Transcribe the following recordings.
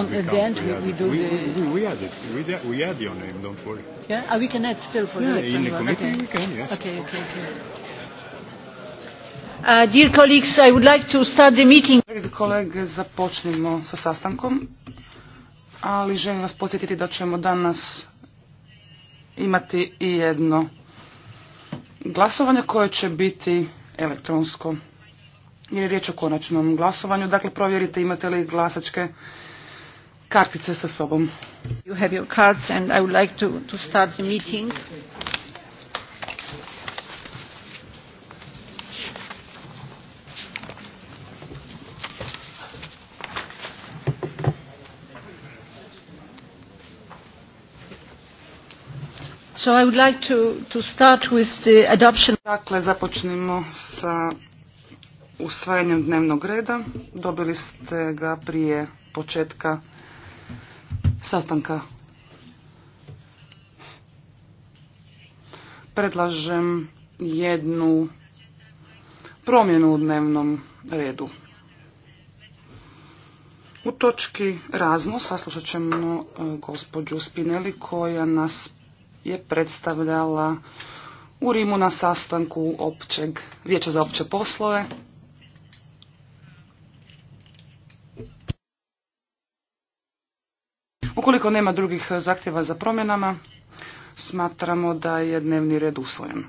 on event, we, do the... We, we add it. We, we add your name, don't worry. Yeah? Ah, we can add still for yeah, in the committee we can, yes. Okay, okay, okay. Uh, dear colleagues, I would like to start the meeting. Kolege, započnimo sa sastankom, ali želim vas podsjetiti da ćemo danas imati i jedno glasovanje koje će biti elektronsko. Jer je riječ o konačnom glasovanju, dakle provjerite imate li glasačke kartice sa sobom. You have your cards and I would like to, to start the meeting. So I would like to, to start with the adoption. Dakle, započnemo sa usvajanjem dnevnog reda. Dobili ste ga prije početka sastanka. Predlažem jednu promjenu u dnevnom redu. U točki razno saslušat ćemo e, gospođu Spinelli koja nas je predstavljala u Rimu na sastanku općeg, Vijeća za opće poslove. Ukoliko nema drugih e, zahtjeva za promjenama, smatramo da je dnevni red usvojen.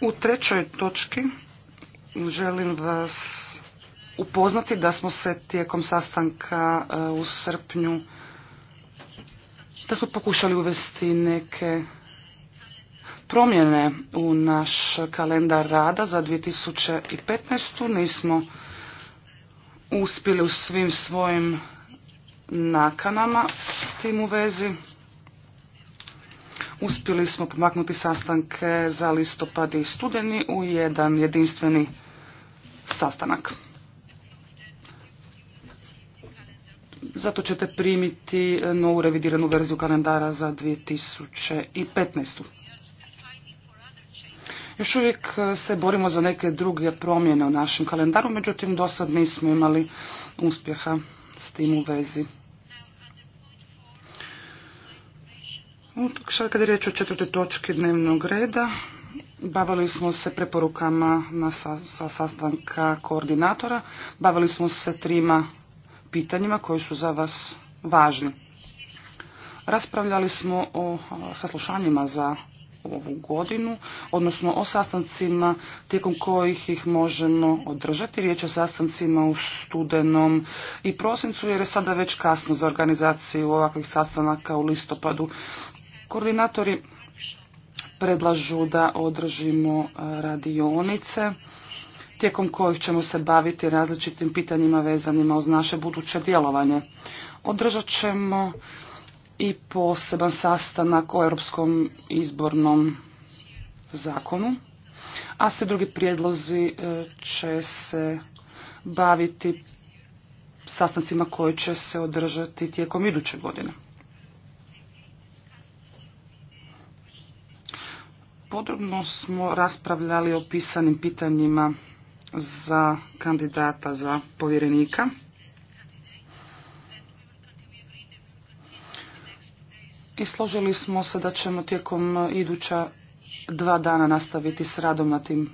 U trećoj točki želim vas upoznati da smo se tijekom sastanka e, u srpnju da smo pokušali uvesti neke promjene u naš kalendar rada za 2015. Nismo uspjeli u svim svojim nakanama tim u vezi. Uspjeli smo pomaknuti sastanke za listopad i studeni u jedan jedinstveni sastanak. Zato ćete primiti novu revidiranu verziju kalendara za 2015. Još uvijek e, se borimo za neke druge promjene u našem kalendaru, međutim do sad nismo imali uspjeha s tim u vezi. Kad je riječ o četvrte točki dnevnog reda, bavili smo se preporukama sa, sa sastanka koordinatora, bavili smo se trima pitanjima koji su za vas važni. Raspravljali smo o saslušanjima za ovu godinu, odnosno o sastancima tijekom kojih ih možemo održati. Riječ o sastancima u studenom i prosincu jer je sada već kasno za organizaciju ovakvih sastanaka u listopadu. Koordinatori predlažu da održimo e, radionice tijekom kojih ćemo se baviti različitim pitanjima vezanima uz naše buduće djelovanje. Održat ćemo i poseban sastanak o Europskom izbornom zakonu, a sve drugi prijedlozi e, će se baviti sastancima koji će se održati tijekom iduće godine. Podrobno smo raspravljali o pisanim pitanjima za kandidata za povjerenika. i složili smo se da ćemo tijekom e, iduća dva dana nastaviti s radom na tim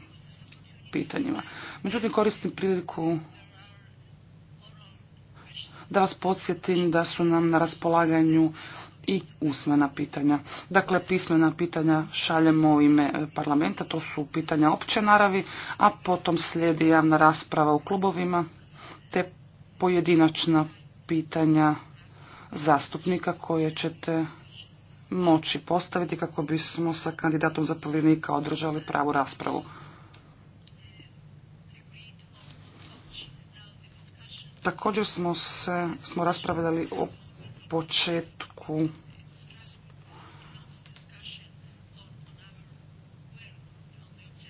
pitanjima. Međutim, koristim priliku da vas podsjetim da su nam na raspolaganju i usmena pitanja. Dakle, pismena pitanja šaljemo u ime e, parlamenta, to su pitanja opće naravi, a potom slijedi javna rasprava u klubovima, te pojedinačna pitanja zastupnika koje ćete moći postaviti kako bismo sa kandidatom za povjerenika održali pravu raspravu. Također smo se smo raspravljali o početku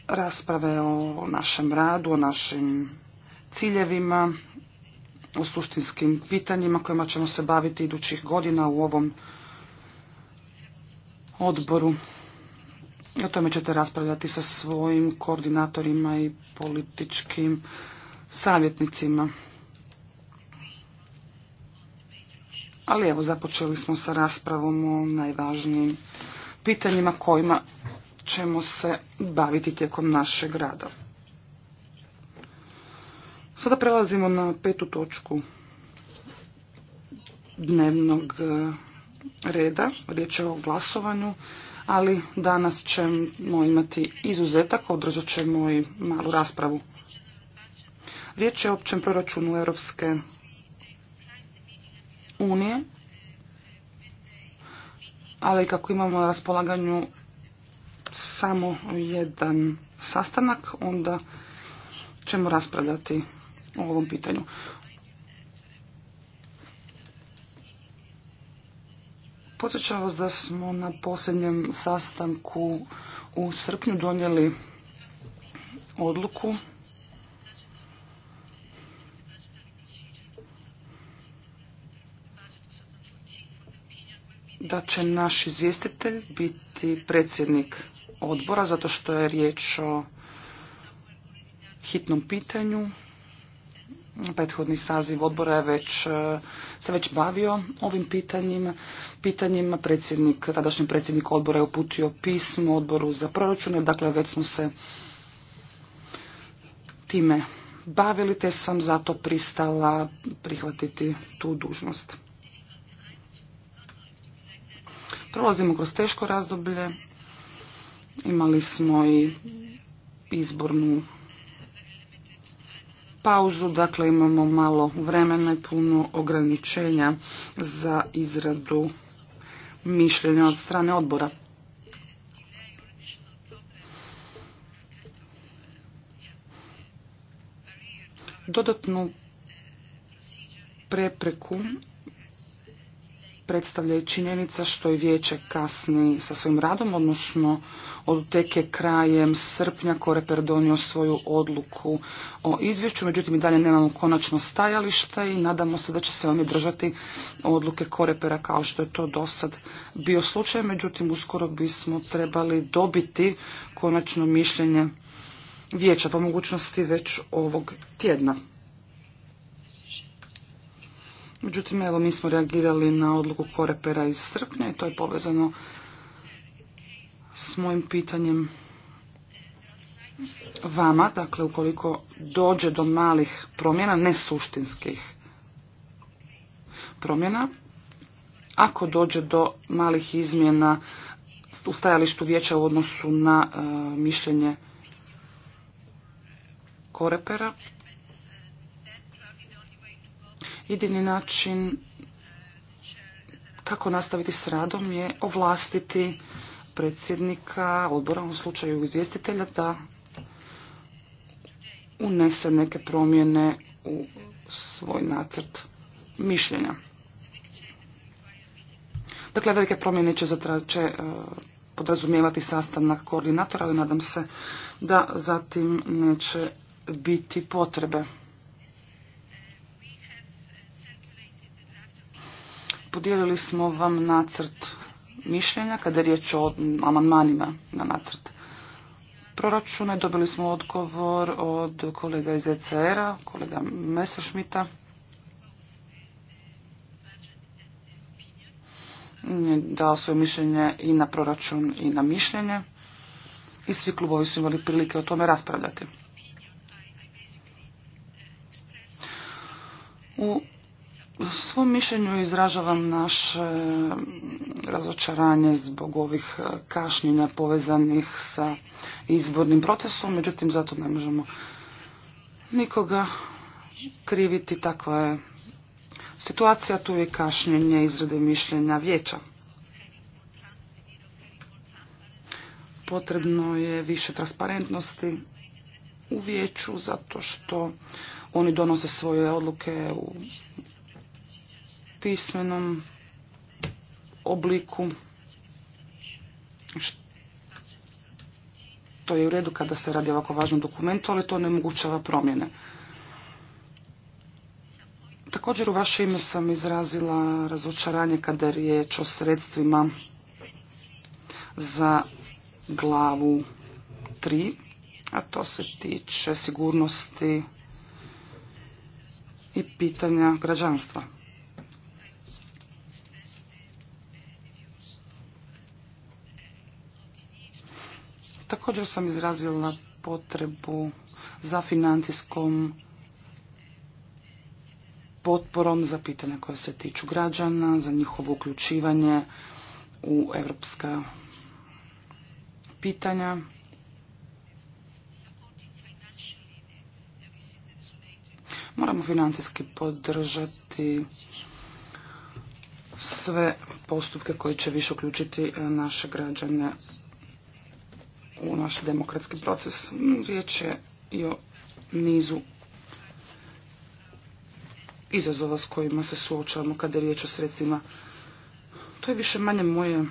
rasprave o našem radu, o našim ciljevima, o suštinskim pitanjima kojima ćemo se baviti idućih godina u ovom odboru. O tome ćete raspravljati sa svojim koordinatorima i političkim savjetnicima. Ali evo, započeli smo sa raspravom o najvažnijim pitanjima kojima ćemo se baviti tijekom našeg rada. Sada prelazimo na petu točku dnevnog reda, riječ je o glasovanju, ali danas ćemo imati izuzetak, održat ćemo i malu raspravu. Riječ je o općem proračunu Europske unije, ali kako imamo na raspolaganju samo jedan sastanak, onda ćemo raspravljati o ovom pitanju. Podsjećam vas da smo na posljednjem sastanku u srpnju donijeli odluku da će naš izvjestitelj biti predsjednik odbora zato što je riječ o hitnom pitanju prethodni saziv odbora je već, e, se već bavio ovim pitanjima. pitanjima predsjednik, tadašnji predsjednik odbora je uputio pismo odboru za proračune, dakle već smo se time bavili, te sam zato pristala prihvatiti tu dužnost. Prolazimo kroz teško razdoblje, imali smo i izbornu pauzu, dakle imamo malo vremena i puno ograničenja za izradu mišljenja od strane odbora. Dodatnu prepreku predstavlja i činjenica što i vijeće kasni sa svojim radom, odnosno od teke krajem srpnja Koreper donio svoju odluku o izvješću, međutim i dalje nemamo konačno stajališta i nadamo se da će se oni držati odluke Korepera kao što je to do sad bio slučaj, međutim uskoro bismo trebali dobiti konačno mišljenje vijeća po mogućnosti već ovog tjedna. Međutim, evo, mi smo reagirali na odluku Korepera iz srpnja i to je povezano s mojim pitanjem vama, dakle, ukoliko dođe do malih promjena, nesuštinskih promjena, ako dođe do malih izmjena u stajalištu vijeća u odnosu na e, mišljenje Korepera, jedini način kako nastaviti s radom je ovlastiti predsjednika odbora, u slučaju izvjestitelja, da unese neke promjene u svoj nacrt mišljenja. Dakle, velike promjene će, e, podrazumijevati sastanak koordinatora, ali nadam se da zatim neće biti potrebe. Podijelili smo vam nacrt mišljenja kada je riječ o amandmanima na nacrt proračuna. Dobili smo odgovor od kolega iz ECR-a, kolega Messerschmitta. Dao svoje mišljenje i na proračun i na mišljenje. I svi klubovi su imali prilike o tome raspravljati. U u svom mišljenju izražavam naše razočaranje zbog ovih e, kašnjenja povezanih sa izbornim procesom, međutim zato ne možemo nikoga kriviti, takva je situacija, tu je kašnjenje izrade mišljenja vijeća. Potrebno je više transparentnosti u vijeću zato što oni donose svoje odluke u pismenom obliku. To je u redu kada se radi ovako važnom dokumentu, ali to ne omogućava promjene. Također u vaše ime sam izrazila razočaranje kada je riječ o sredstvima za glavu 3, a to se tiče sigurnosti i pitanja građanstva. Također sam izrazila potrebu za financijskom potporom za pitanja koja se tiču građana, za njihovo uključivanje u evropska pitanja. Moramo financijski podržati sve postupke koji će više uključiti naše građane u naš demokratski proces. Riječ je i o nizu izazova s kojima se suočavamo kada je riječ o sredstvima. To je više manje moje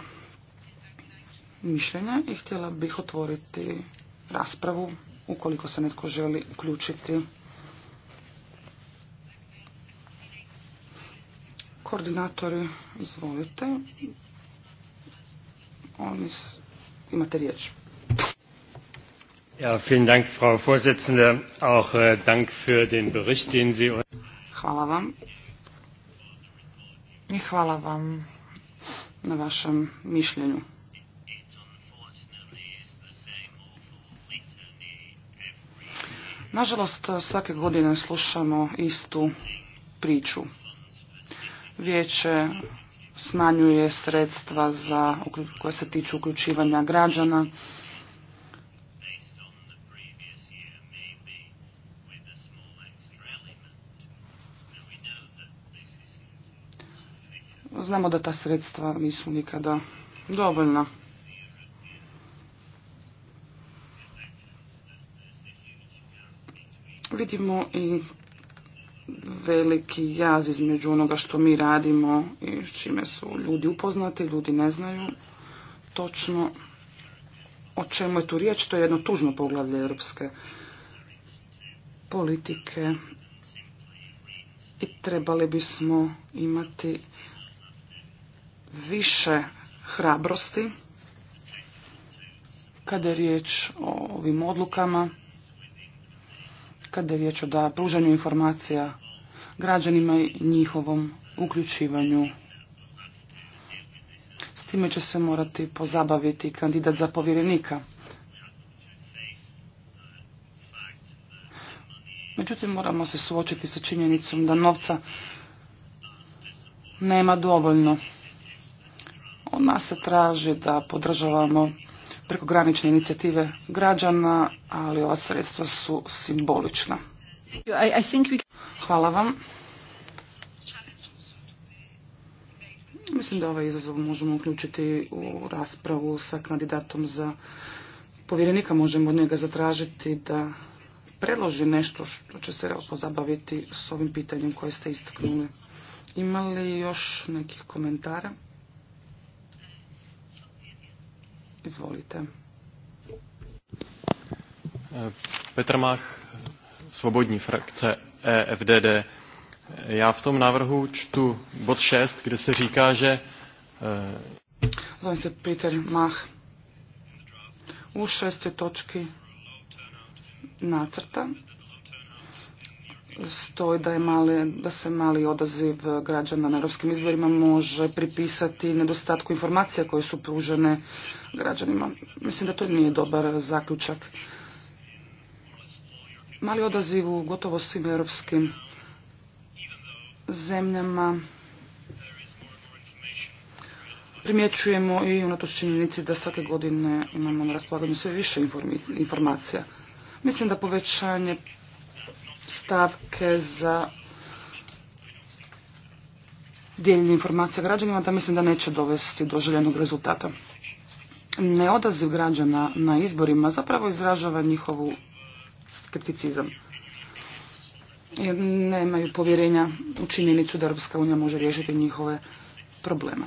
mišljenje i htjela bih otvoriti raspravu ukoliko se netko želi uključiti. Koordinatori, izvolite. Oni imate riječ. Frau äh, Hvala vam. I hvala vam na vašem mišljenju. Nažalost, svake godine slušamo istu priču. Vijeće smanjuje sredstva za, koja se tiču uključivanja građana, Znamo da ta sredstva nisu nikada dovoljna. Vidimo i veliki jaz između onoga što mi radimo i čime su ljudi upoznati, ljudi ne znaju točno o čemu je tu riječ. To je jedno tužno poglavlje europske politike i trebali bismo imati više hrabrosti kada je riječ o ovim odlukama, kada je riječ o da pružanju informacija građanima i njihovom uključivanju. S time će se morati pozabaviti kandidat za povjerenika. Međutim, moramo se suočiti sa činjenicom da novca nema dovoljno. Od nas se traži da podržavamo prekogranične inicijative građana, ali ova sredstva su simbolična. Hvala vam. Mislim da ovaj izazov možemo uključiti u raspravu sa kandidatom za povjerenika. Možemo od njega zatražiti da predloži nešto što će se pozabaviti s ovim pitanjem koje ste istaknuli. Imali li još nekih komentara? Izvolite. Petr Mach, Svobodní frakce EFDD. Já v tom návrhu čtu bod 6, kde se říká, že... Eh, Zovem se Peter Mach. U šesté točky nacrta stoji da, je mali, da se mali odaziv građana na europskim izborima može pripisati nedostatku informacija koje su pružene građanima. Mislim da to nije dobar zaključak. Mali odaziv u gotovo svim europskim zemljama primjećujemo i unatoč činjenici da svake godine imamo na raspolaganju sve više informacija. Mislim da povećanje stavke za dijeljenje informacija građanima, da mislim da neće dovesti do željenog rezultata. Neodaziv građana na izborima zapravo izražava njihovu skepticizam. nemaju povjerenja u činjenicu da Europska unija može riješiti njihove probleme.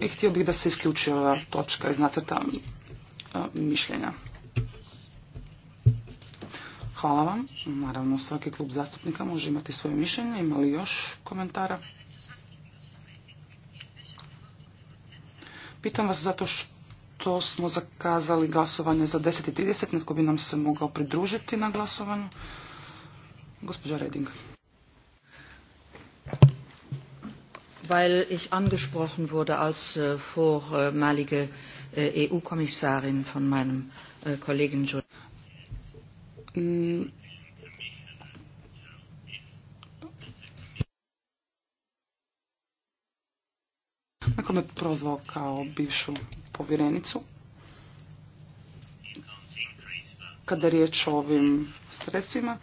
I htio bih da se isključi ova točka iz nacrta mišljenja. Hvala vam. Naravno, svaki klub zastupnika može imati svoje mišljenje. Ima li još komentara? Pitam vas zato što smo zakazali glasovanje za 10.30. Netko bi nam se mogao pridružiti na glasovanju. Gospođa Reding. Weil ich angesprochen wurde als äh, vormalige äh, EU-Kommissarin von meinem äh, Kollegen Mm. nakon prozvao kao bivšu povjerenicu. Kada je riječ o ovim sredstvima,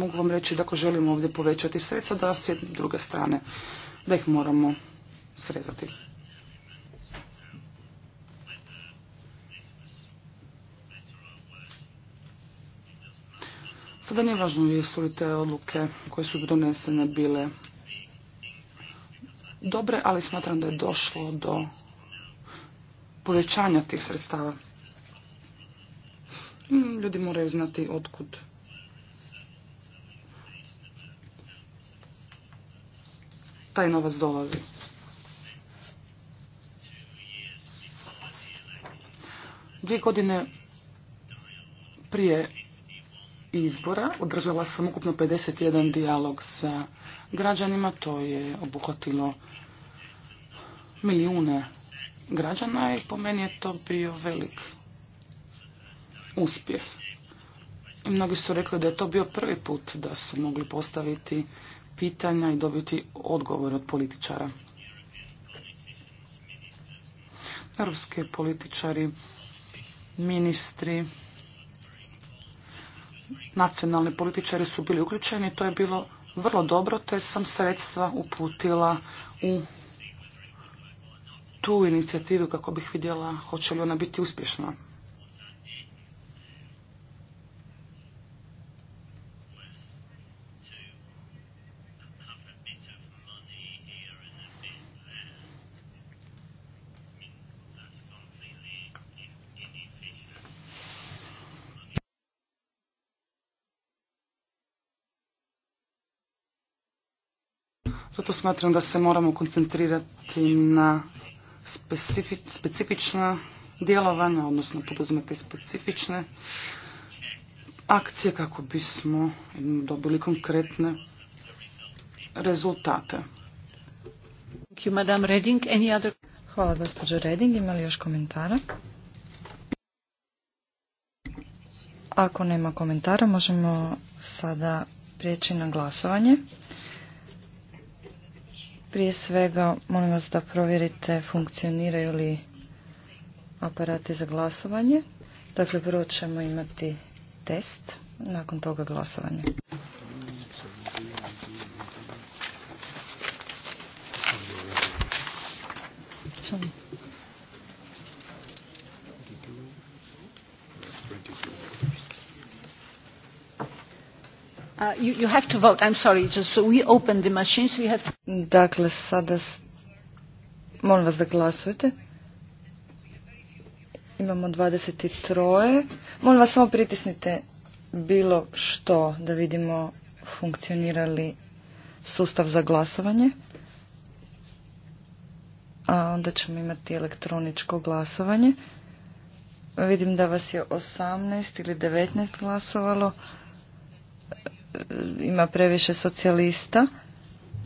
mogu vam reći da ako želimo ovdje povećati sredstva, da s druge strane, da ih moramo srezati. da nije važno jesu li te odluke koje su donesene bile dobre, ali smatram da je došlo do povećanja tih sredstava. Ljudi moraju znati otkud taj novac dolazi. Dvije godine prije izbora održala sam ukupno 51 dijalog sa građanima, to je obuhvatilo milijune građana i po meni je to bio velik uspjeh. I mnogi su rekli da je to bio prvi put da su mogli postaviti pitanja i dobiti odgovor od političara. Europske političari, ministri, nacionalni političari su bili uključeni, to je bilo vrlo dobro, te sam sredstva uputila u tu inicijativu kako bih vidjela hoće li ona biti uspješna. Zato smatram da se moramo koncentrirati na specifična djelovanja, odnosno poduzimati specifične akcije kako bismo dobili konkretne rezultate. Hvala gospođo Reding. Ima li još komentara? Ako nema komentara možemo sada prijeći na glasovanje. Prije svega, molim vas da provjerite funkcioniraju li aparati za glasovanje. Dakle, prvo ćemo imati test, nakon toga glasovanje. Uh, you, you have to vote. I'm sorry. Just so we open the machines. We have. To... Dakle, sada molim vas da glasujete. Imamo 23. Molim vas samo pritisnite bilo što da vidimo funkcionirali sustav za glasovanje. A onda ćemo imati elektroničko glasovanje. Vidim da vas je 18 ili 19 glasovalo. E, ima previše socijalista.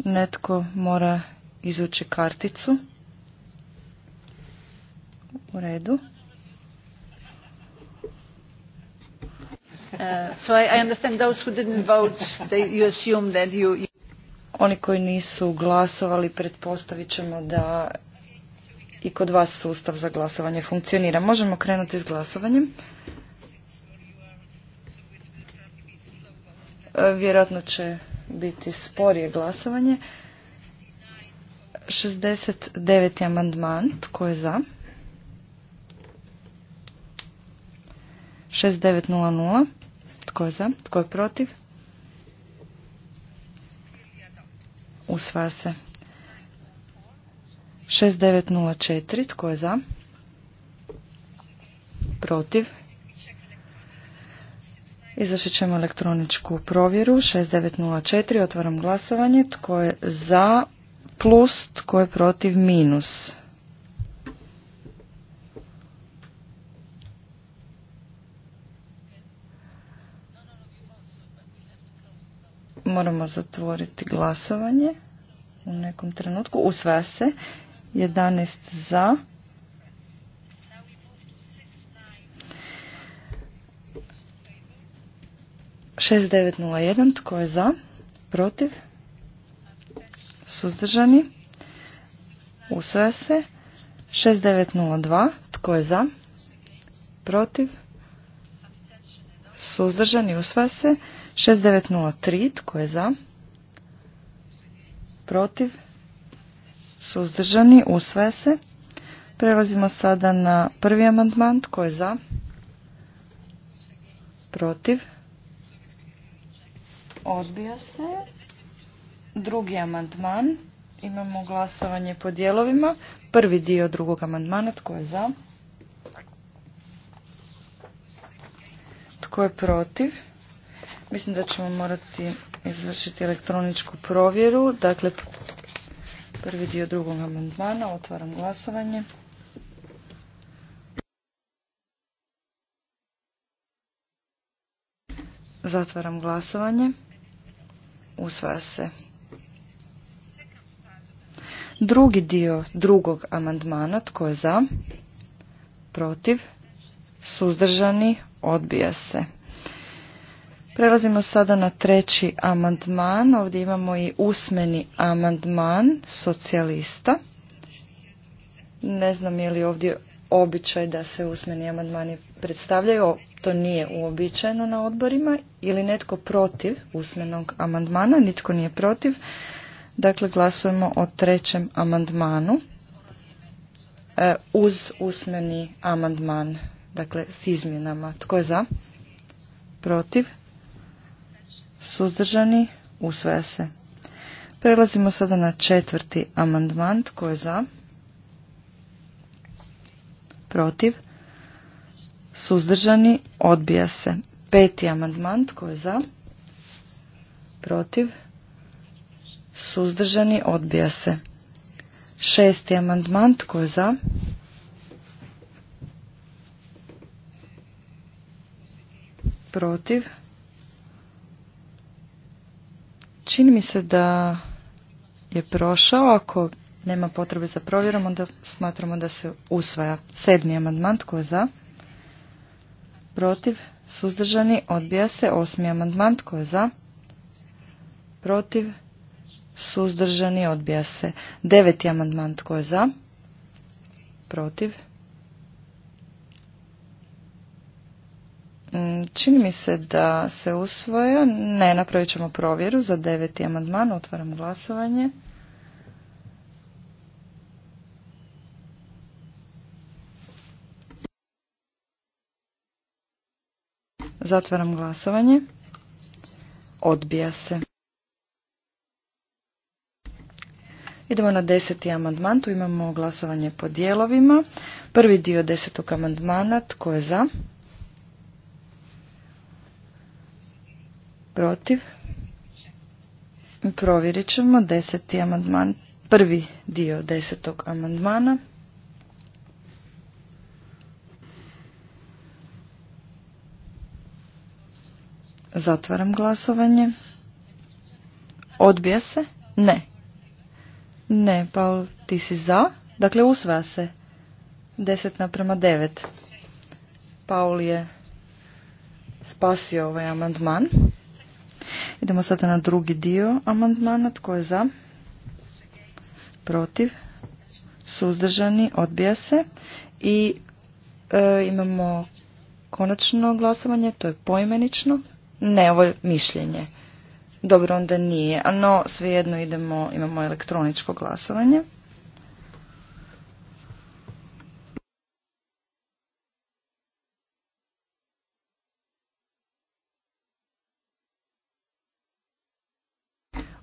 Netko mora izvući karticu. U redu. Oni koji nisu glasovali, pretpostavit ćemo da i kod vas sustav za glasovanje funkcionira. Možemo krenuti s glasovanjem. Uh, vjerojatno će biti sporije glasovanje. 69. amandman, tko je za? 6900, tko je za? Tko je protiv? Usva se. 6904, tko je za? Protiv? Izvršit ćemo elektroničku provjeru. 6904. Otvaram glasovanje. Tko je za plus, tko je protiv minus. Moramo zatvoriti glasovanje u nekom trenutku. Usvaja se. 11 za, 6901. Tko je za? Protiv? Suzdržani? Usvaja se. 6902. Tko je za? Protiv? Suzdržani? Usvaja se. 6903. Tko je za? Protiv? Suzdržani? Usvaja se. Prelazimo sada na prvi amandman. Tko je za? Protiv? Odbija se. Drugi amandman. Imamo glasovanje po dijelovima. Prvi dio drugog amandmana. Tko je za? Tko je protiv? Mislim da ćemo morati izvršiti elektroničku provjeru. Dakle, prvi dio drugog amandmana. Otvaram glasovanje. Zatvaram glasovanje. Usvaja se. Drugi dio drugog amandmana. Tko je za? Protiv? Suzdržani? Odbija se. Prelazimo sada na treći amandman. Ovdje imamo i usmeni amandman socijalista. Ne znam je li ovdje običaj da se usmeni amandmani predstavljaju to nije uobičajeno na odborima ili netko protiv usmenog amandmana, nitko nije protiv. Dakle, glasujemo o trećem amandmanu e, uz usmeni amandman, dakle s izmjenama. Tko je za? Protiv? Suzdržani? Usvaja se. Prelazimo sada na četvrti amandman. Tko je za? Protiv? Suzdržani? Odbija se. Peti amandman. Tko je za? Protiv? Suzdržani? Odbija se. Šesti amandman. Tko je za? Protiv? Čini mi se da je prošao. Ako nema potrebe za provjerom, onda smatramo da se usvaja. Sedmi amandman. Tko je za? protiv, suzdržani, odbija se. Osmi amandman, tko je za, protiv, suzdržani, odbija se. Deveti amandman, tko je za, protiv. Mm, čini mi se da se usvojio. Ne, napravit ćemo provjeru za deveti amandman. Otvaram glasovanje. Zatvaram glasovanje. Odbija se. Idemo na deseti amandman. Tu imamo glasovanje po dijelovima. Prvi dio desetog amandmana. Tko je za? Protiv? Provjerit ćemo deseti amandman. Prvi dio desetog amandmana. Zatvaram glasovanje. Odbija se? Ne. Ne, Paul, ti si za. Dakle, usvaja se. 10 naprema 9. Paul je spasio ovaj amandman. Idemo sada na drugi dio amandmana. Tko je za? Protiv? Suzdržani? Odbija se. I e, imamo konačno glasovanje. To je poimenično. Ne, ovo je mišljenje. Dobro, onda nije. No, svejedno idemo, imamo elektroničko glasovanje.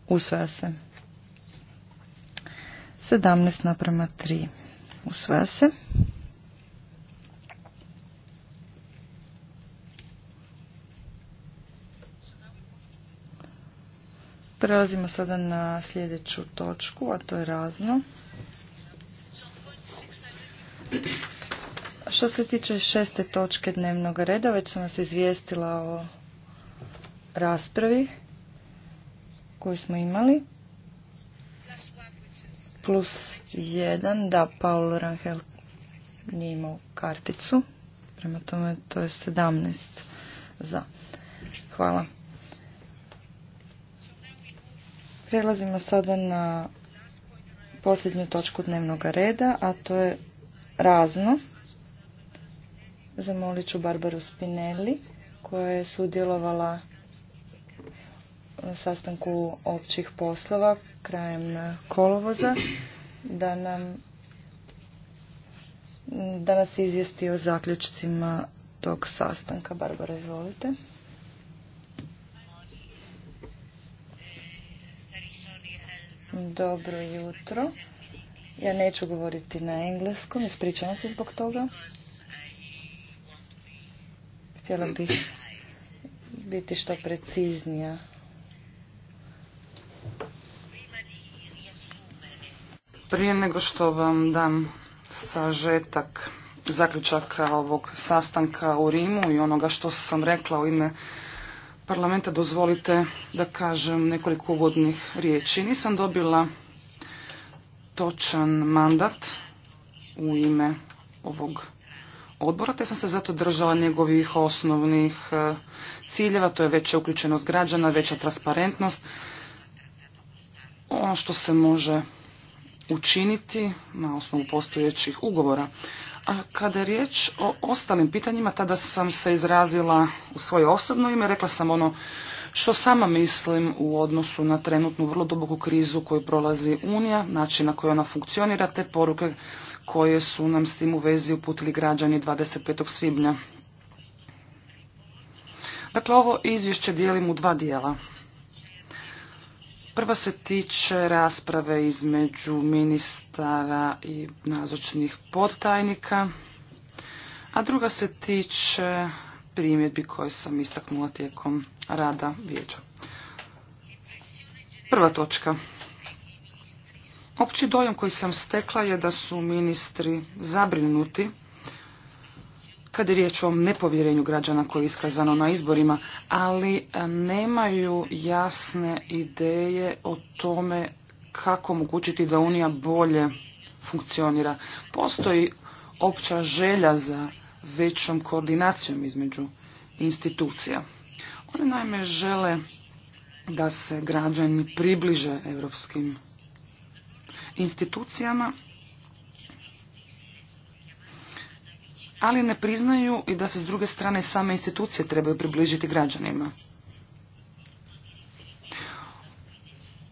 Usvaja se. 17 naprema 3. Usvaja se. Prelazimo sada na sljedeću točku, a to je razno. Što se tiče šeste točke dnevnog reda, već sam vas izvijestila o raspravi koju smo imali. Plus jedan, da, Paul Rangel nije imao karticu. Prema tome to je sedamnest za. Hvala. Prelazimo sada na posljednju točku dnevnog reda, a to je razno. Zamolit ću Barbaru Spinelli koja je sudjelovala na sastanku općih poslova krajem kolovoza da nam da nas izvijesti o zaključcima tog sastanka. Barbara, izvolite. Dobro jutro. Ja neću govoriti na engleskom, ispričavam se zbog toga. Htjela bih biti što preciznija. Prije nego što vam dam sažetak zaključaka ovog sastanka u Rimu i onoga što sam rekla u ime parlamenta dozvolite da kažem nekoliko uvodnih riječi. Nisam dobila točan mandat u ime ovog odbora, te sam se zato držala njegovih osnovnih e, ciljeva, to je veća uključenost građana, veća transparentnost, ono što se može učiniti na osnovu postojećih ugovora kada je riječ o ostalim pitanjima, tada sam se izrazila u svoje osobno ime, rekla sam ono što sama mislim u odnosu na trenutnu vrlo duboku krizu koju prolazi Unija, način na koji ona funkcionira, te poruke koje su nam s tim u vezi uputili građani 25. svibnja. Dakle, ovo izvješće dijelim u dva dijela. Prva se tiče rasprave između ministara i nazočnih podtajnika, a druga se tiče primjedbi koje sam istaknula tijekom rada vijeća. Prva točka. Opći dojam koji sam stekla je da su ministri zabrinuti kada je riječ o nepovjerenju građana koje je iskazano na izborima, ali e, nemaju jasne ideje o tome kako omogućiti da Unija bolje funkcionira. Postoji opća želja za većom koordinacijom između institucija. One naime žele da se građani približe europskim institucijama ali ne priznaju i da se s druge strane same institucije trebaju približiti građanima.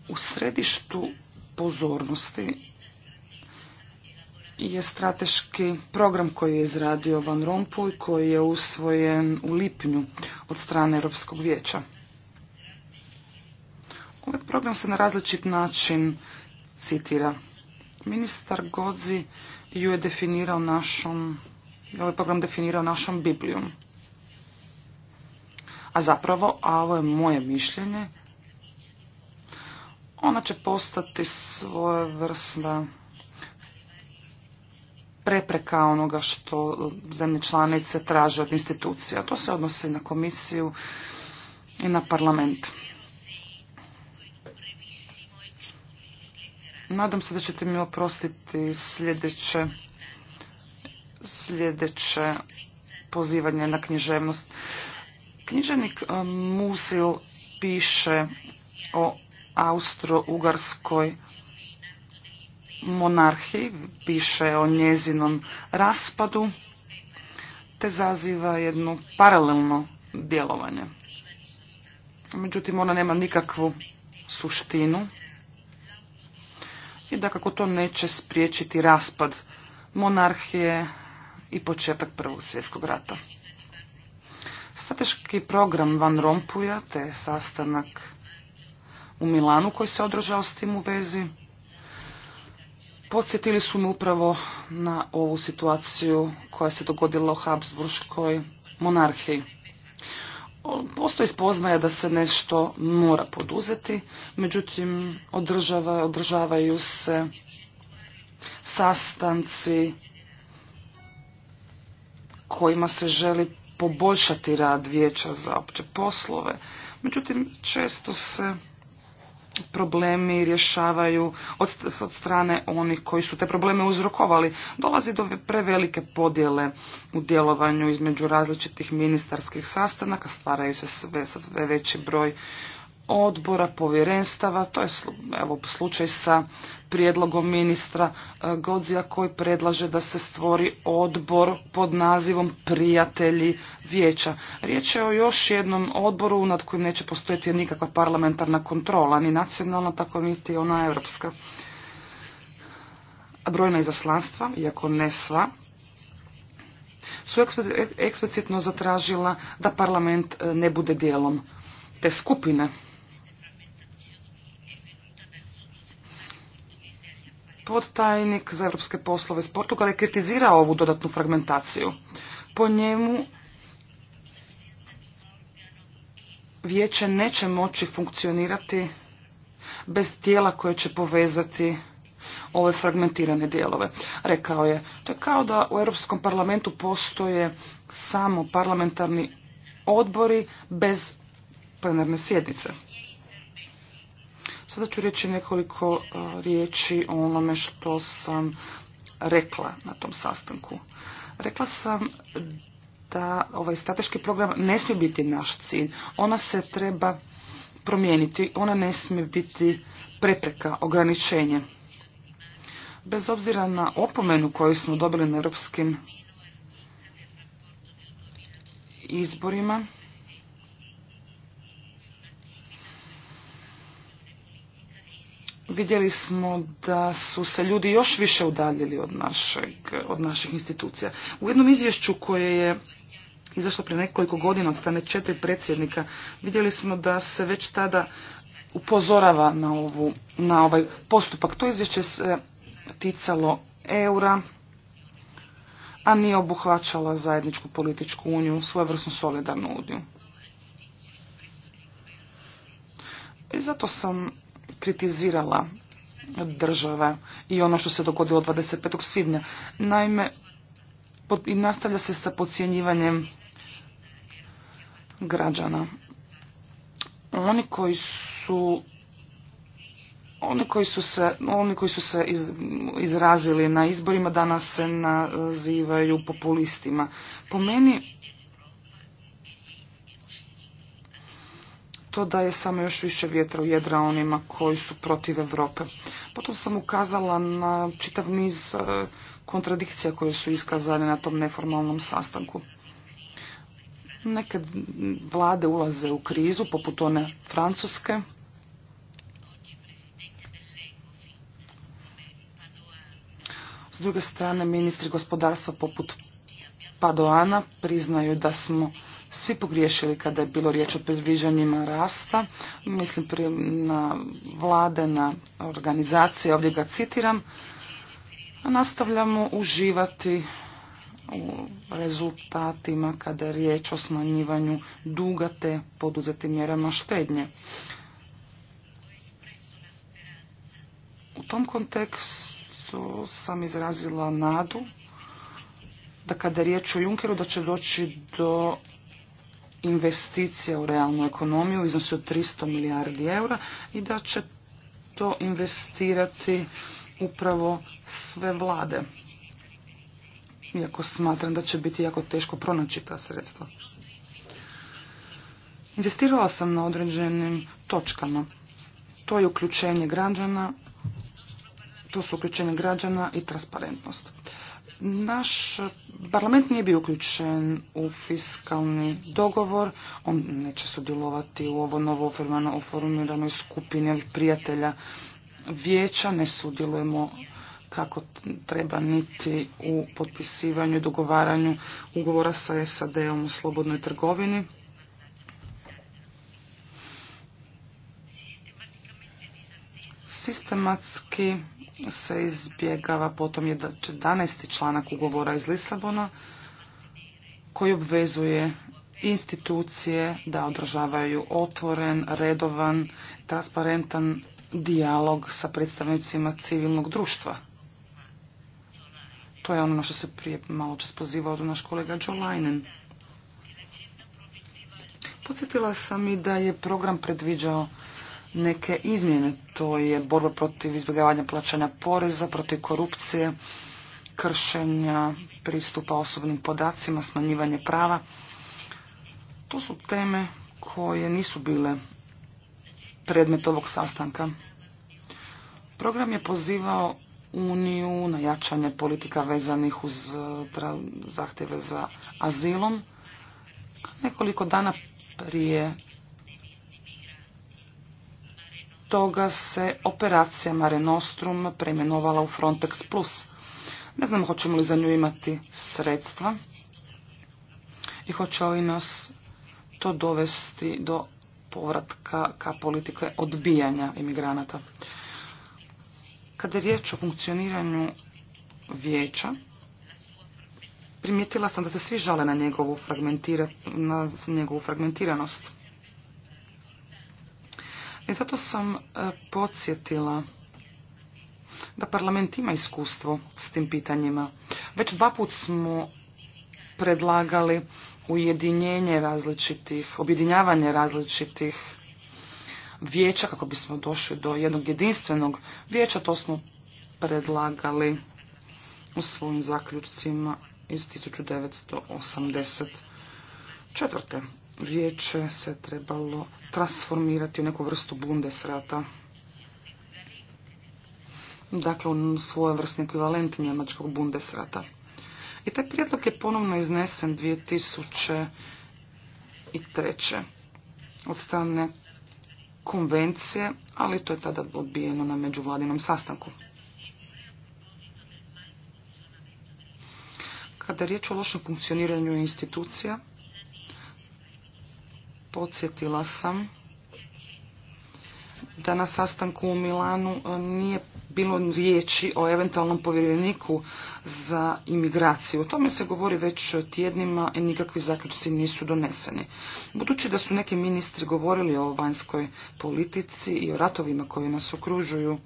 U središtu pozornosti je strateški program koji je izradio Van Rompuy koji je usvojen u lipnju od strane Europskog vijeća. Ovaj program se na različit način citira. Ministar Godzi ju je definirao našom ovaj program definirao našom Biblijom. A zapravo, a ovo je moje mišljenje, ona će postati vrsta prepreka onoga što zemlje članice traže od institucija. To se odnosi na komisiju i na parlament. Nadam se da ćete mi oprostiti sljedeće sljedeće pozivanje na književnost. Književnik e, Musil piše o Austro-Ugarskoj monarhiji, piše o njezinom raspadu, te zaziva jedno paralelno djelovanje. Međutim, ona nema nikakvu suštinu i da kako to neće spriječiti raspad monarhije, i početak Prvog svjetskog rata. Strateški program Van Rompuja te sastanak u Milanu koji se održao s tim u vezi podsjetili su me upravo na ovu situaciju koja se dogodila u Habsburškoj monarhiji. Postoji spoznaja da se nešto mora poduzeti, međutim održava, održavaju se sastanci kojima se želi poboljšati rad vijeća za opće poslove. Međutim, često se problemi rješavaju od, od strane onih koji su te probleme uzrokovali. Dolazi do prevelike podjele u djelovanju između različitih ministarskih sastanaka, stvaraju se sve, sve veći broj odbora, povjerenstava, to je evo, slučaj sa prijedlogom ministra e, Godzija koji predlaže da se stvori odbor pod nazivom Prijatelji vijeća. Riječ je o još jednom odboru nad kojim neće postojati nikakva parlamentarna kontrola, ni nacionalna, tako niti ona europska. brojna izaslanstva, iako ne sva, su eksplicitno zatražila da parlament e, ne bude dijelom te skupine. podtajnik za europske poslove iz Portugala je kritizirao ovu dodatnu fragmentaciju. Po njemu vijeće neće moći funkcionirati bez tijela koje će povezati ove fragmentirane dijelove. Rekao je, to je kao da u Europskom parlamentu postoje samo parlamentarni odbori bez plenarne sjednice. Sada ću reći nekoliko e, riječi o onome što sam rekla na tom sastanku. Rekla sam da ovaj strateški program ne smije biti naš cilj. Ona se treba promijeniti. Ona ne smije biti prepreka, ograničenje. Bez obzira na opomenu koju smo dobili na europskim izborima, vidjeli smo da su se ljudi još više udaljili od, našeg, od naših institucija. U jednom izvješću koje je izašlo prije nekoliko godina od strane četiri predsjednika, vidjeli smo da se već tada upozorava na, ovu, na ovaj postupak. To izvješće se ticalo eura, a nije obuhvaćala zajedničku političku uniju, svojevrsnu solidarnu uniju. I zato sam kritizirala države i ono što se dogodilo 25. svibnja. Naime, nastavlja se sa podcjenjivanjem građana. Oni koji su oni koji su se, oni koji su se izrazili na izborima danas se nazivaju populistima. Po meni To daje samo još više vjetra u jedra onima koji su protiv Europe. Potom sam ukazala na čitav niz e, kontradikcija koje su iskazane na tom neformalnom sastanku. Neke vlade ulaze u krizu, poput one francuske, S druge strane, ministri gospodarstva poput Padoana priznaju da smo svi pogriješili kada je bilo riječ o predviđanjima rasta. Mislim na vlade, na organizacije, ovdje ga citiram. A nastavljamo uživati u rezultatima kada je riječ o smanjivanju duga te poduzetim mjerama štednje. U tom kontekstu sam izrazila nadu da kada je riječ o Junkeru da će doći do investicija u realnu ekonomiju u iznosu od 300 milijardi eura i da će to investirati upravo sve vlade. Iako smatram da će biti jako teško pronaći ta sredstva. Inzistirala sam na određenim točkama. To je uključenje građana, to su uključenje građana i transparentnost. Naš parlament nije bio uključen u fiskalni dogovor, on neće sudjelovati u ovo novo formiranoj skupini prijatelja vijeća, ne sudjelujemo kako treba niti u potpisivanju i dogovaranju ugovora sa SAD-om u slobodnoj trgovini. sistematski se izbjegava potom 11. članak ugovora iz Lisabona koji obvezuje institucije da održavaju otvoren, redovan, transparentan dijalog sa predstavnicima civilnog društva. To je ono na što se prije malo čas pozivao naš kolega Joe Linen. Podsjetila sam i da je program predviđao neke izmjene. To je borba protiv izbjegavanja plaćanja poreza, protiv korupcije, kršenja pristupa osobnim podacima, smanjivanje prava. To su teme koje nisu bile predmet ovog sastanka. Program je pozivao Uniju na jačanje politika vezanih uz e, zahtjeve za azilom. Nekoliko dana prije toga se operacija Mare Nostrum preimenovala u Frontex Plus. Ne znamo hoćemo li za nju imati sredstva i hoće li nas to dovesti do povratka ka politike odbijanja imigranata. Kada je riječ o funkcioniranju vijeća, primijetila sam da se svi žale na njegovu, na njegovu fragmentiranost. I e, zato sam e, podsjetila da parlament ima iskustvo s tim pitanjima. Već dva put smo predlagali ujedinjenje različitih, objedinjavanje različitih vijeća kako bismo došli do jednog jedinstvenog vijeća. To smo predlagali u svojim zaključcima iz 1984 vijeće se trebalo transformirati u neku vrstu bundesrata. Dakle, u vrstni ekvivalent njemačkog bundesrata. I taj prijedlog je ponovno iznesen 2003. od strane konvencije, ali to je tada odbijeno na međuvladinom sastanku. Kada je riječ o lošem funkcioniranju institucija, podsjetila sam da na sastanku u Milanu e, nije bilo riječi o eventualnom povjereniku za imigraciju. O tome se govori već tjednima i nikakvi zaključci nisu doneseni. Budući da su neki ministri govorili o vanjskoj politici i o ratovima koji nas okružuju,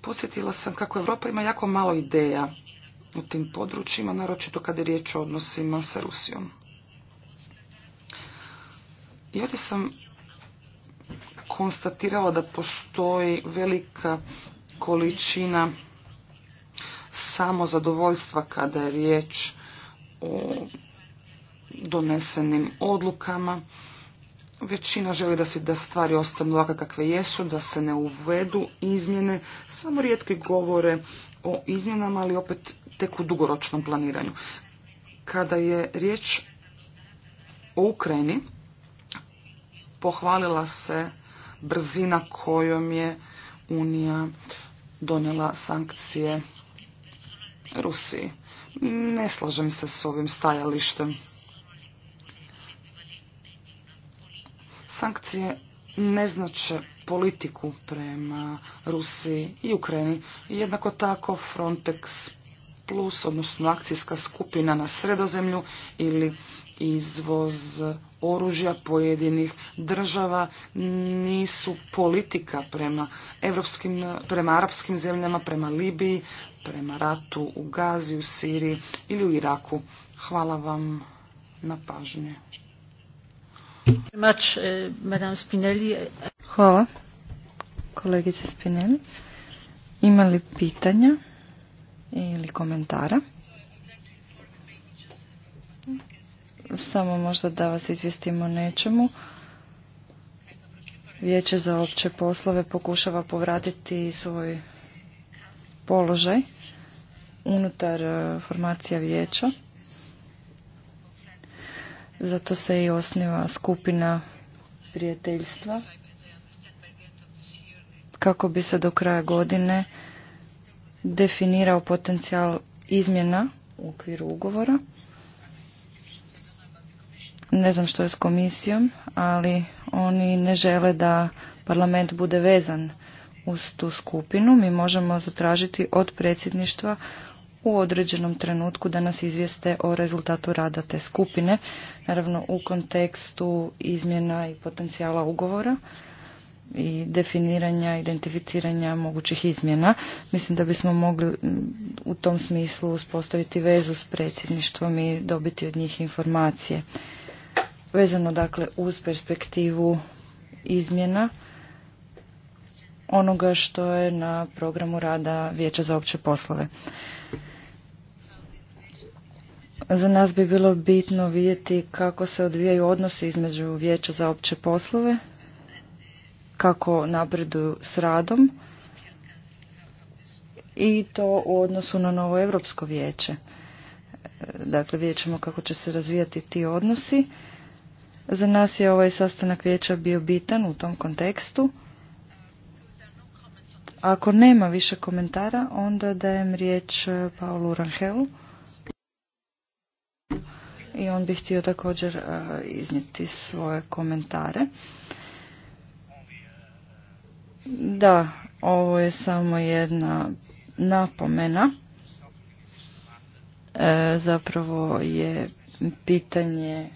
podsjetila sam kako Europa ima jako malo ideja u tim područjima, naročito kada je riječ o odnosima sa Rusijom. I ovdje sam konstatirala da postoji velika količina samozadovoljstva kada je riječ o donesenim odlukama. Većina želi da, se da stvari ostanu ovakve kakve jesu, da se ne uvedu izmjene. Samo rijetki govore o izmjenama, ali opet tek u dugoročnom planiranju. Kada je riječ o Ukrajini, pohvalila se brzina kojom je Unija donijela sankcije Rusiji. Ne slažem se s ovim stajalištem. Sankcije ne znače politiku prema Rusiji i Ukrajini. Jednako tako Frontex plus, odnosno akcijska skupina na sredozemlju ili izvoz oružja pojedinih država nisu politika prema, evropskim, prema arapskim zemljama, prema Libiji, prema ratu u Gazi, u Siriji ili u Iraku. Hvala vam na pažnje. Eh, Hvala, kolegice Spinelli. Ima li pitanja ili komentara? Samo možda da vas izvijestimo nečemu. Vijeće za opće poslove pokušava povratiti svoj položaj unutar e, formacija vijeća. Zato se i osniva skupina prijateljstva kako bi se do kraja godine definirao potencijal izmjena u okviru ugovora. Ne znam što je s komisijom, ali oni ne žele da parlament bude vezan uz tu skupinu. Mi možemo zatražiti od predsjedništva u određenom trenutku da nas izvijeste o rezultatu rada te skupine, naravno u kontekstu izmjena i potencijala ugovora i definiranja, identificiranja mogućih izmjena. Mislim da bismo mogli mm, u tom smislu uspostaviti vezu s predsjedništvom i dobiti od njih informacije vezano dakle uz perspektivu izmjena onoga što je na programu rada Vijeća za opće poslove. Za nas bi bilo bitno vidjeti kako se odvijaju odnosi između Vijeća za opće poslove, kako napreduju s radom i to u odnosu na novo Europsko vijeće. Dakle, vidjet ćemo kako će se razvijati ti odnosi za nas je ovaj sastanak vijeća bio bitan u tom kontekstu. Ako nema više komentara, onda dajem riječ eh, Paolu Ranhelu. I on bi htio također eh, iznijeti svoje komentare. Da, ovo je samo jedna napomena. Eh, zapravo je pitanje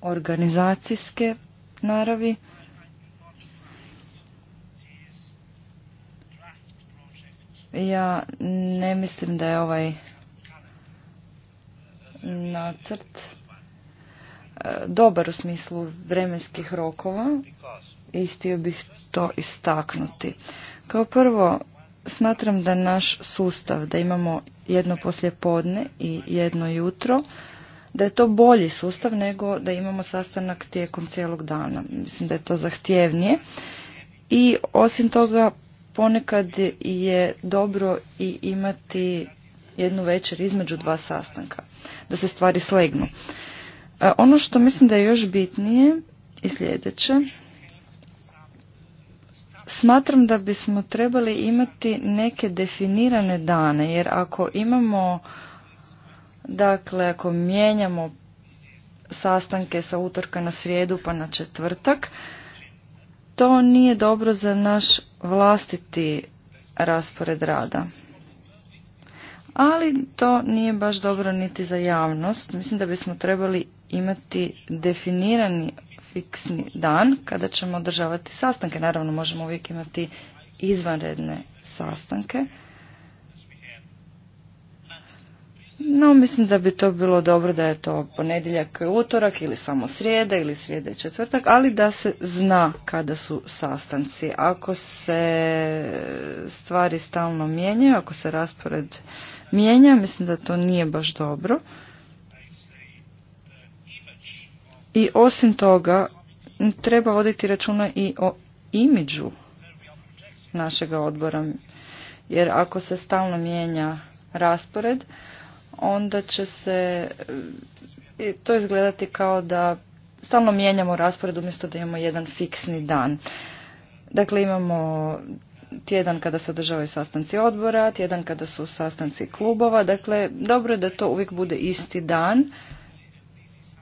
organizacijske naravi. Ja ne mislim da je ovaj nacrt e, dobar u smislu vremenskih rokova i htio bih to istaknuti. Kao prvo, smatram da naš sustav, da imamo jedno poslijepodne i jedno jutro, da je to bolji sustav nego da imamo sastanak tijekom cijelog dana. Mislim da je to zahtjevnije. I osim toga ponekad je dobro i imati jednu večer između dva sastanka, da se stvari slegnu. E, ono što mislim da je još bitnije i sljedeće, smatram da bismo trebali imati neke definirane dane, jer ako imamo Dakle, ako mijenjamo sastanke sa utorka na srijedu pa na četvrtak, to nije dobro za naš vlastiti raspored rada. Ali to nije baš dobro niti za javnost. Mislim da bismo trebali imati definirani fiksni dan kada ćemo održavati sastanke. Naravno možemo uvijek imati izvanredne sastanke. No, mislim da bi to bilo dobro da je to ponedjeljak i utorak ili samo srijeda ili srijeda i četvrtak, ali da se zna kada su sastanci. Ako se stvari stalno mijenjaju, ako se raspored mijenja, mislim da to nije baš dobro. I osim toga, treba voditi računa i o imidžu našega odbora. Jer ako se stalno mijenja raspored, onda će se e, to izgledati kao da stalno mijenjamo raspored umjesto da imamo jedan fiksni dan. Dakle, imamo tjedan kada se održavaju sastanci odbora, tjedan kada su sastanci klubova. Dakle, dobro je da to uvijek bude isti dan,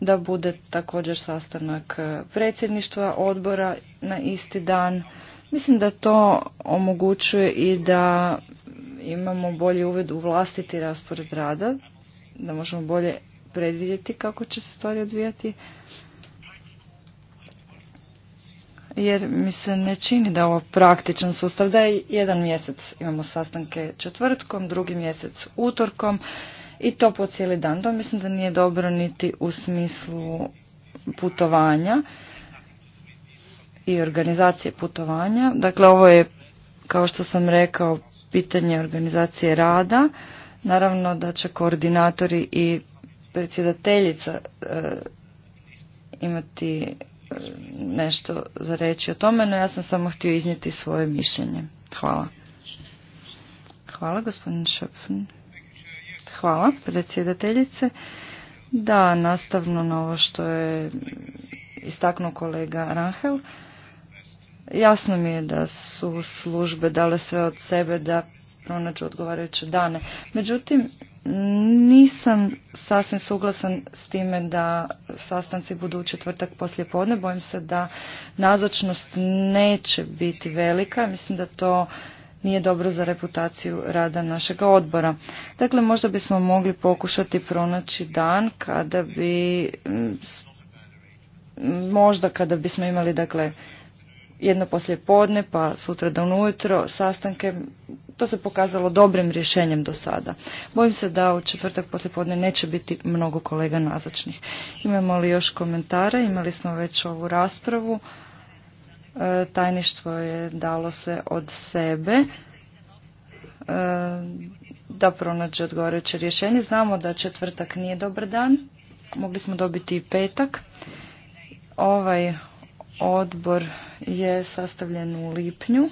da bude također sastanak e, predsjedništva odbora na isti dan. Mislim da to omogućuje i da imamo bolji uvid u vlastiti raspored rada, da možemo bolje predvidjeti kako će se stvari odvijati. Jer mi se ne čini da ovo praktičan sustav, da je jedan mjesec imamo sastanke četvrtkom, drugi mjesec utorkom i to po cijeli dan. To mislim da nije dobro niti u smislu putovanja i organizacije putovanja. Dakle, ovo je, kao što sam rekao, pitanje organizacije rada. Naravno da će koordinatori i predsjedateljica e, imati e, nešto za reći o tome, no ja sam samo htio iznijeti svoje mišljenje. Hvala. Hvala, gospodin Hvala, predsjedateljice. Da, nastavno na ovo što je istaknuo kolega Rahel, Jasno mi je da su službe dale sve od sebe da pronađu odgovarajuće dane. Međutim, nisam sasvim suglasan s time da sastanci budu u četvrtak poslije podne. Bojim se da nazočnost neće biti velika. Mislim da to nije dobro za reputaciju rada našega odbora. Dakle, možda bismo mogli pokušati pronaći dan kada bi možda kada bismo imali dakle jedno poslije podne, pa sutra dan ujutro, sastanke. To se pokazalo dobrim rješenjem do sada. Bojim se da u četvrtak poslije podne neće biti mnogo kolega nazočnih. Imamo li još komentara? Imali smo već ovu raspravu. E, tajništvo je dalo se od sebe e, da pronađe odgovarajuće rješenje. Znamo da četvrtak nije dobar dan. Mogli smo dobiti i petak. Ovaj odbor je sastavljen u lipnju.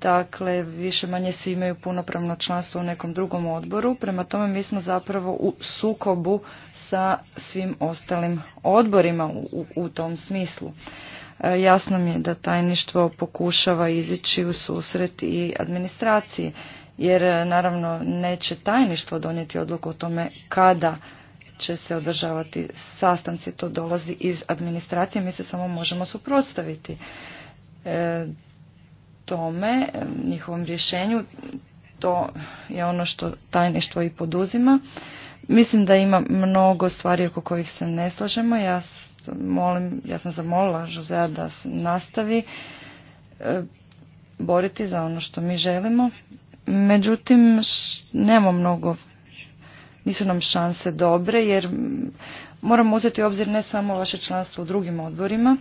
Dakle, više manje svi imaju punopravno članstvo u nekom drugom odboru. Prema tome mi smo zapravo u sukobu sa svim ostalim odborima u, tom smislu. E, jasno mi je da tajništvo pokušava izići u susret i administraciji, jer e, naravno neće tajništvo donijeti odluku o tome kada će se održavati sastanci, to dolazi iz administracije, mi se samo možemo suprotstaviti e, tome, njihovom rješenju, to je ono što tajništvo i poduzima. Mislim da ima mnogo stvari oko kojih se ne slažemo, ja molim, ja sam zamolila Žozea da nastavi e, boriti za ono što mi želimo. Međutim, nemamo mnogo nisu nam šanse dobre jer moramo uzeti u obzir ne samo vaše članstvo u drugim odborima,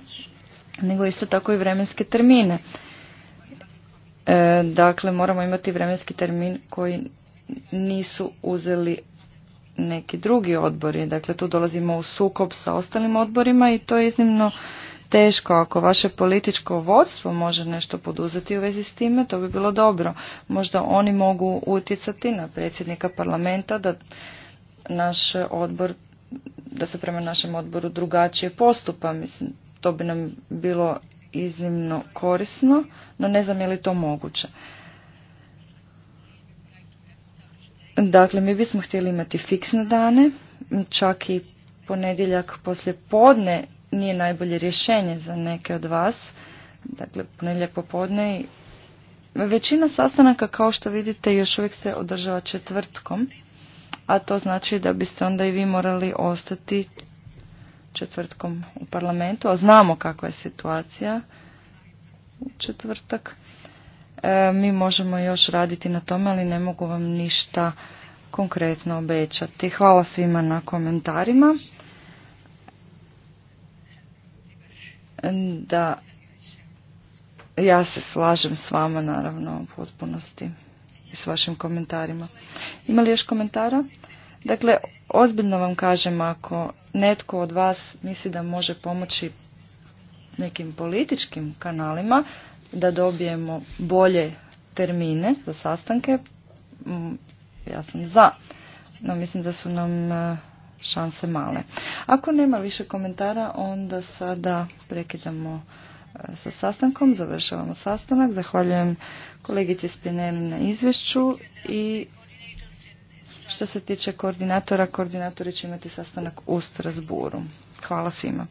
nego isto tako i vremenske termine. E, dakle, moramo imati vremenski termin koji nisu uzeli neki drugi odbori. Dakle, tu dolazimo u sukob sa ostalim odborima i to je iznimno teško. Ako vaše političko vodstvo može nešto poduzeti u vezi s time, to bi bilo dobro. Možda oni mogu utjecati na predsjednika parlamenta da naš odbor, da se prema našem odboru drugačije postupa. Mislim, to bi nam bilo iznimno korisno, no ne znam je li to moguće. Dakle, mi bismo htjeli imati fiksne dane, čak i ponedjeljak poslje podne nije najbolje rješenje za neke od vas. Dakle, ponedjeljak popodne i većina sastanaka, kao što vidite, još uvijek se održava četvrtkom a to znači da biste onda i vi morali ostati četvrtkom u parlamentu, a znamo kakva je situacija u četvrtak. E, mi možemo još raditi na tome, ali ne mogu vam ništa konkretno obećati. Hvala svima na komentarima. Da, ja se slažem s vama naravno u potpunosti i s vašim komentarima. Ima li još komentara? Dakle, ozbiljno vam kažem, ako netko od vas misli da može pomoći nekim političkim kanalima, da dobijemo bolje termine za sastanke, mm, ja sam za, no mislim da su nam e, šanse male. Ako nema više komentara, onda sada prekidamo sa sastankom. Završavamo sastanak. Zahvaljujem kolegici Spinelli na izvješću i što se tiče koordinatora, koordinatori će imati sastanak u Strasburu. Hvala svima.